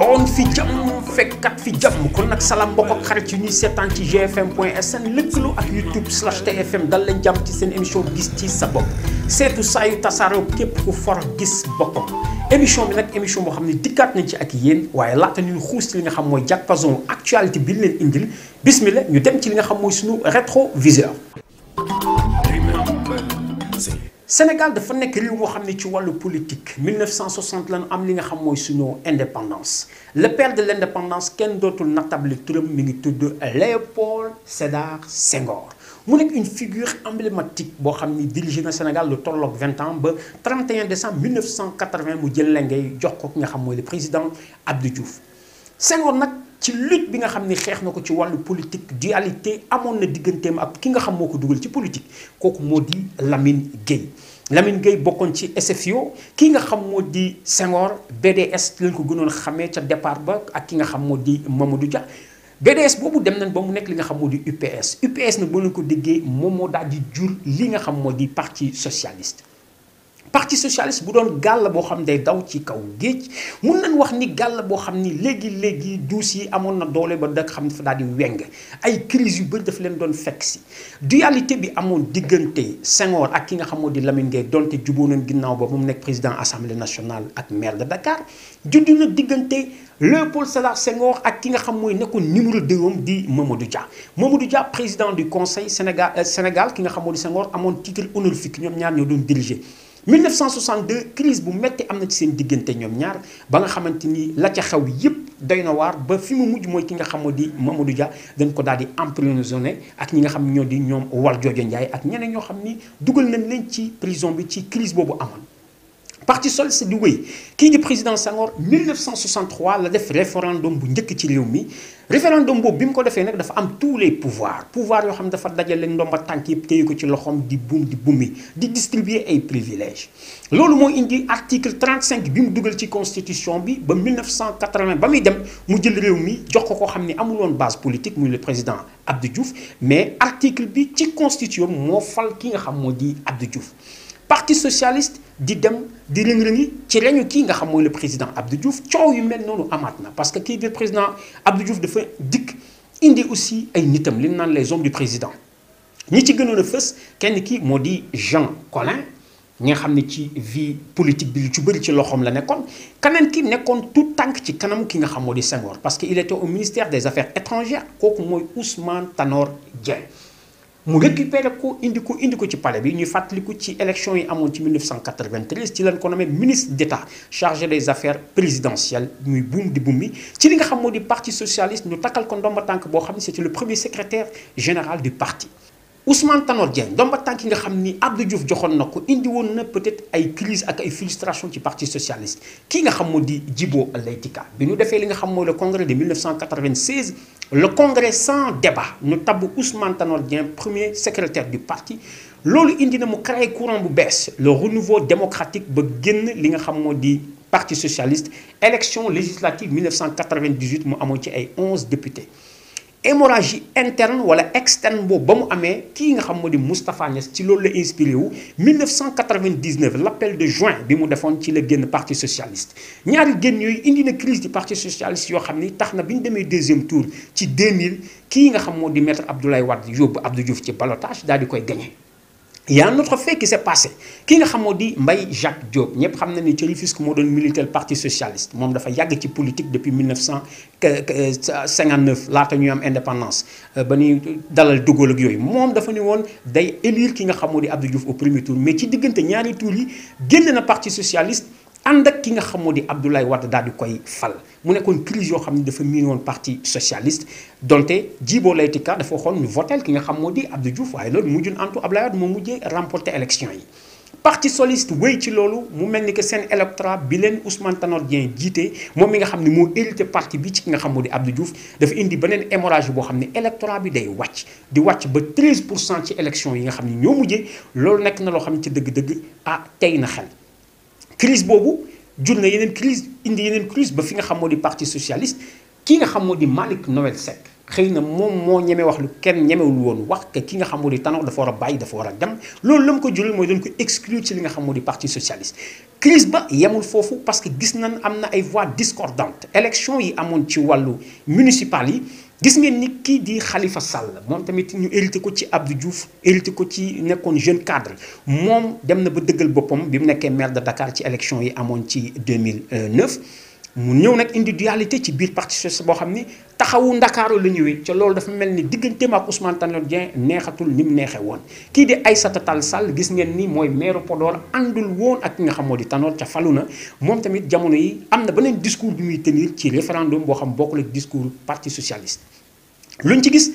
on fi jàmm fekkat fi jàmm kon nag salaam bokk ak xarit yi ñuy seetaan ci gfm point sn lëkkaloo ak youtube slash tfm dal leen jàmm ci seen émission gis ci sa seetu saa yu tasaaroo képp ku for gis boppam émission bi nag émission boo xam ne dikkaat nañ ci ak yéen waaye laata ñuy xuus ci li nga xam mooy jàkkason actualité bi leen indil bismillah ñu dem ci li nga xam mooy suñu rétroviseur Sénégal dafa nekk réew moo xam ne ci wàllu politique 1960 la ñu am li nga xam mooy suñu indépendance le père de l' kenn dootul natable turam mi ngi tudd Léopold Sédar Senghor mu nekk une figure emblématique boo xam ni dirigé na Sénégal lu tolloog vingt ans ba 31 décembre 1980 mu jël la ngay jox ko ki nga xam mooy le président Abdou Diouf Senghor nag. ci lutte bi nga xam ni xeex na ko ci wàllu politique dualité amoon na digganteem ak ki nga xam moo ko dugal ci politique kooku moo di Lamine Gueye Lamine Gueye bokkoon ci SFIO ki nga xam moo di Senghor BDS lañ ko gënoon xamee ca départ ba ak ki nga xam moo di Mamadou Dia BDS boobu dem nañ ba mu nekk li nga xam moo di UPS UPS na boo leen ko déggee moom moo daal di jur li nga xam moo di parti socialiste parti socialiste bu doon gàll boo xam day daw ci kaw géej mun nañ wax ni gàll boo xam ni léegi léegi duus yi amoon na doole ba da xam dafa daal di weng ay crise yu bëri daf leen doon fekk si dualité bi amoon diggante Senghor ak ki nga xam moo di Lamine Gueye donte juboo nañ ginnaaw ba mu nekk président assemblée nationale ak maire de Dakar juddu na diggante Léopold Sédar Senghor ak ki nga xam mooy nekkoon numéro 2 am di Mamadou Dia Mamadou Dia président du conseil Sénégal euh, Sénégal ki nga xam moo di Senghor amoon titre honorifique ñoom ñaar ñoo doon dirigé 1962 crise bu metti am na ci seen diggante ñoom ñaar ba nga xamante ni la ca xew yépp doy na waar ba fi mu mujj mooy ki nga xam moo di Mamadou Dia dañ ko daal di emprisonné ak ñi nga xam ñoo di ñoom Waljojo Ndiaye ak ñeneen ñoo xam ni dugal nañ leen ci prison bi ci crise boobu amoon. parti socialiste di wéy kii di président Senghor 1963 la def référendum bu njëkk ci réew mi référendum boobu bi mu ko defee nag dafa am tous les pouvoirs pouvoir yoo xam ne dafa dajale ndomba tànk yëpp téye ko ci loxoom di buum di bumi di distribuer ay privilèges. loolu moo indi article 35 bi mu dugal ci constitution bi ba 1980 ba muy dem mu jël réew mi jox ko ko xam ne amuloon woon base politique muy le président Abdou Diouf mais article bi ci constitution moo fal ki nga xam moo di Abdou Diouf. parti socialiste di dem di rëng-rëngi ci reñu kii nga xam mooy le président Abdou Diouf coow yu mel noonu amaat na parce que kii de président Abdou Diouf dafa dikk indi aussi ay nitam li naan les hommes du président ñi ci gënoon a fës kenn kii moo di Jean Collin ñi nga xam ne ci vie politique bi lu ci bëri ci loxoom la nekkoon keneen kii nekkoon tout tànk ci kanam ki nga xam moo di Senghor parce que il était au ministère des affaires étrangères kooku mooy Ousmane Tanor Dieng mu récupéré ko indi ko indi ko ci pale bi ñuy fàttaliku ci élection yi amoon ci 1993 ci lañ ko nommé ministre d'État chargé des affaires présidentielles muy buum di buum mi ci li nga xam moo di parti socialiste ñu takkal ko ndomba tànk boo xam ne c'était le premier secrétaire général du parti Ousmane Tanor Dieng ndomba tànk yi nga xam ni Abdou Diouf joxoon na ko indi woon na peut-être ay crise ak ay frustration ci parti socialiste kii nga xam mu di Djibo Leyti Ka defee li nga xam mooy le congrès de 1996 le congrès sans débat ñu tabb Ousmane Tanor Dieng premier secrétaire du parti loolu indi na mu créé courant bu bees le renouveau démocratique ba génn li nga xam moo di parti socialiste élection législative 1998 mu amoon ci ay 11 députés hémorragie interne wala externe boobu ba mu amee kii nga xam moo di Moustapha Niass ci loolu la inspiré wu 1999 l'appel de juin bi mu defoon ci la génn parti socialiste ñaari génn yooyu indi na crise du parti socialiste yoo xam ni tax na bi ñu demee deuxième tour ci 2000 kii nga xam moo di maître Abdoulaye Wade yóbbu Abdou Diouf ci ballottage daal di koy gagné. y a un fekk fait qui s'est ki nga xamoo di mbay Jacques Diop ñëpp xam na ni ci Rufisque moo doon militer parti socialist moom dafa yàgg ci politique depuis 1959 euh, laata ñuy am indépendance euh, ba ñuy dalal dugal ak yooyu moom dafa ni woon day élire ki nga xamoo di Abdou Diouf au premier tour mais ci diggante ñaari tour yi génn na parti socialiste. ànd ak ki nga xam moo di Abdoulaye Wade daal di koy fal mu nekkoon crise yoo xam ne dafa miin woon parti socialiste donte Djibo Leyti Ka dafa waxoon ñu votel ki nga xam moo di Abdou Diouf waaye loolu mujjun antu Abdoulaye Wade moo mujjee remporter élection yi parti soliste wéy ci loolu mu mel ni que seen électorat bi leen Ousmane Tanor Dieng jiite moom mi nga xam ne moo hérité parti bi ci ki nga xam moo di Abdou Diouf dafa indi beneen hémorragie boo xam ne électorat bi day wàcc di wàcc ba 13 pour cent ci élection yi nga xam ni ñoo mujjee loolu nekk na loo xam ne ci dëgg-dëgg ah tey na xel crise boobu jur na yeneen crise indi yeneen crise ba fi nga xam moo di parti socialiste ki nga xam moo di Malick Noël Seck xëy na moom moo ñeme wax lu kenn ñemewul woon wax que ki nga xam moo di Tanor dafa war a bàyyi dafa war a dem loolu la mu ko jural mooy doon ko exclure ci li nga xam di parti socialiste crise ba yemul foofu parce que gis nañ am na ay voix discordantes élection yi amoon ci wàllu municipal yi gis ngeen ni kii di xalifa Sall moom tamit ñu hérité ko ci Abdou Diouf hérité ko ci nekkoon jeune cadre moom dem na ba dëggal boppam bi mu nekkee maire de Dakar ci élection yi amoon ci 2009 mu ñëw nag individualité ci biir parti socialiste boo xam ni taxawu ndakaaru la ñëwee ca loolu dafa mel ni digganteem ak Ousmane Tanor Dieng neexatul ni mu neexee woon. kii de ay Tall Sall gis ngeen ni mooy maire Podor àndul woon ak ki nga xam moo di Tanor ca falu na moom tamit jamono yi am na beneen discours bi muy tenir ci référendum boo xam bokkul ak discours parti socialiste luñ ci gis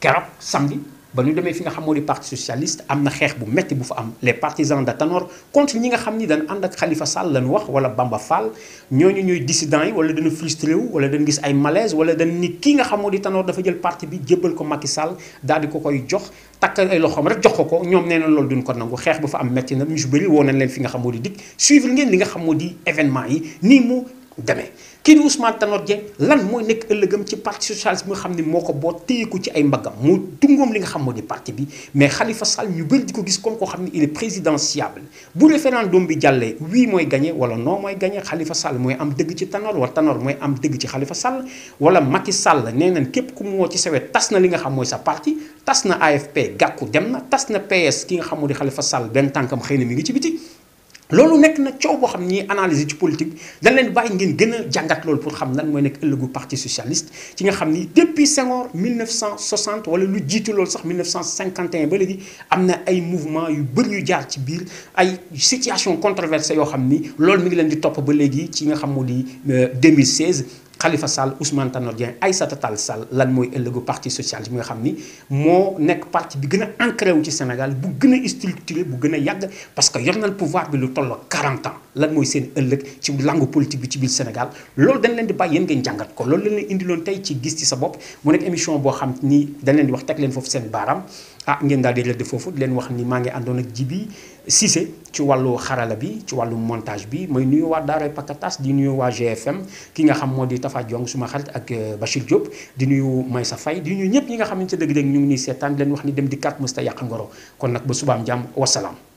keroog samedi. ba ñu demee fi nga xam moo di parti socialiste am na xeex bu métti bu fa am les partisans de Tanor contre ñi nga xam ni dañ ànd ak Khalifa Sall lañ wax wala Bamba Fall ñooñu ñuy dissidents yi wala dañu frustré wu wala dañu gis ay malaise wala dañ ni kii nga xam moo di Tanor dafa jël parti bi jébbal ko Macky Sall daal di ko koy jox takkal ay loxoom rek jox ko ko ñoom nee na loolu duñ ko nangu xeex bu fa am métti na ñu bëri woo nañ leen fi nga xam moo di nga xam moo di yi nii mu demee kii di Ousmane Tanor Dieng lan mooy nekk ëllëgam ci parti socialiste bi nga xam ne moo ko boo téye ko ci ay mbaggam moo dungoom li nga xam moo di parti bi mais Khalifa ñu bëri ko gis comme koo xam ne il est présidentiable bu référendum bi jàllee mooy gagné wala non mooy gagné xalifa Sall mooy am dëgg ci Tanor wala Tanor mooy am dëgg ci xalifa Sall wala mati Sall nee nañ képp ku mu woo ci sawet tas na li nga xam mooy sa parti tas na AFP gàkku dem na tas na PS ki nga xam moo di Khalifa Sall benn tànkam xëy na mi ngi ci biti loolu nekk na coow boo xam ni analyser ci politique bi leen bàyyi ngeen gën a jàngat loolu pour xam lan mooy nekk ëllëgu parti socialiste ci nga xam ni depuis Senghor 1960 wala lu jiitu loolu sax 1951 ba léegi am na ay mouvement yu bëri yu jaar ci biir ay situation controversée yoo xam ni loolu mi ngi leen di topp ba léegi ci nga xam moo di 2016 euh, xalifa Sall Ousmane Tanor ay Aïssata Tall Sall lan mooy ëllëgu parti socialiste bi nga xam ni moo nekk parti bi gën a ancré wu ci Sénégal bu gën a structuré bu gën a yàgg parce que yor na pouvoir bi lu tolloo 40 ans lan mooy seen ëllëg ci langue politique bi ci biir Sénégal loolu dañ leen di bàyyi yéen ngeen jàngat ko loolu lañ leen indiloon tey ci gis ci sa bopp mu nekk émission boo xam ni dañ leen di wax teg leen foofu seen baaraam ah ngeen daal di rëdd foofu di leen wax ni maa ngi àndoon ak Djiby Cissé ci wàllu xarala bi ci wàllu montage bi may nuyu waa Daaray Pakatas di nuyu waa GFM ki nga xam moo di Tafa Diong suma xarit ak euh, Bachir Diop di nuyu Maysa Faye di nuyu ñëpp ñi nga xam ne ca dëgg-dëgg ñu ngi nii seetaan leen wax ni dem di kat mës ta yàq ngoro kon nag ba subaam jàmm wasalaam